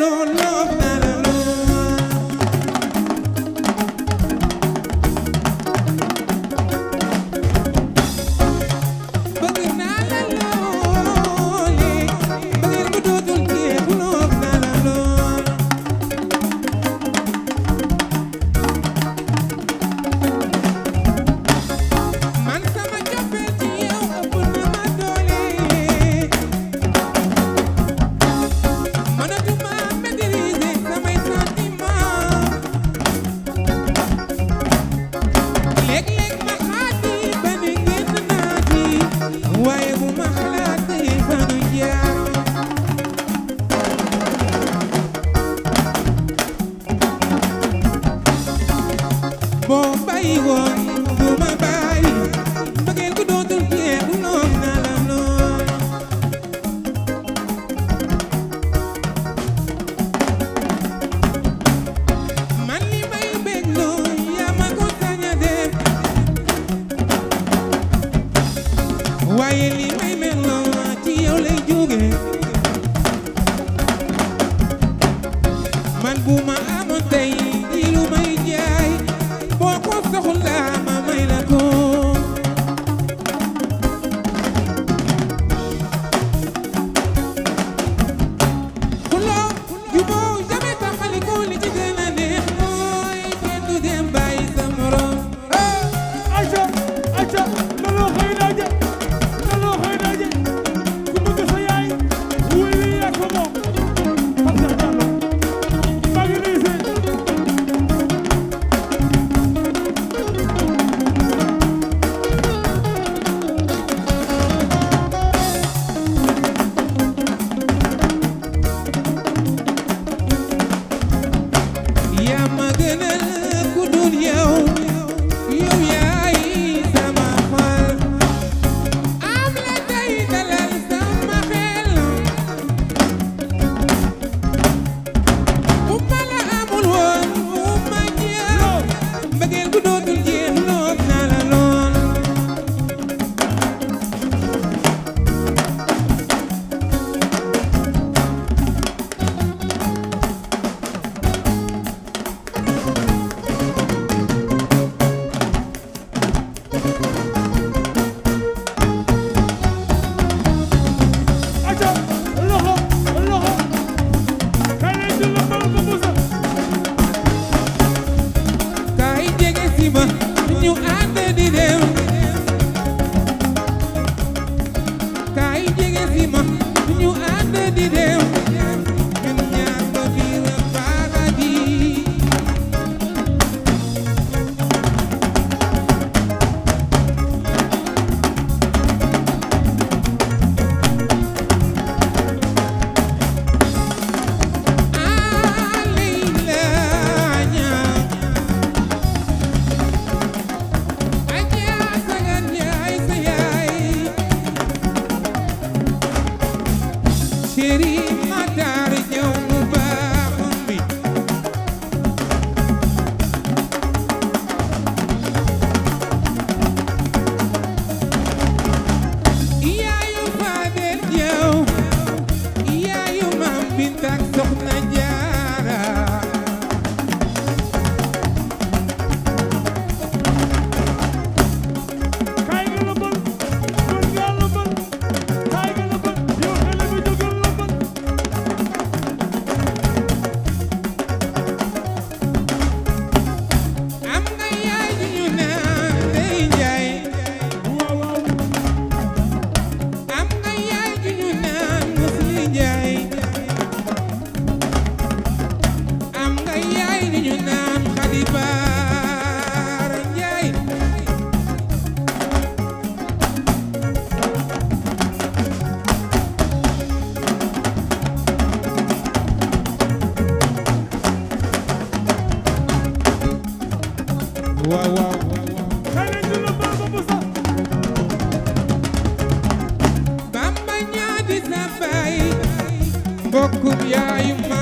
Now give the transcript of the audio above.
alone boo bàyyi woon du ma bàyyi bëggeel ku dootul jeex du lool na la lool man li may bëgg lool yaa ma ko sañ a def waaye li may mel lool ci yow lay jóge man ma amoon tey julli ñu ànd غير مدار waaw waaw bamba ñaadi na baay mbokkum yaayum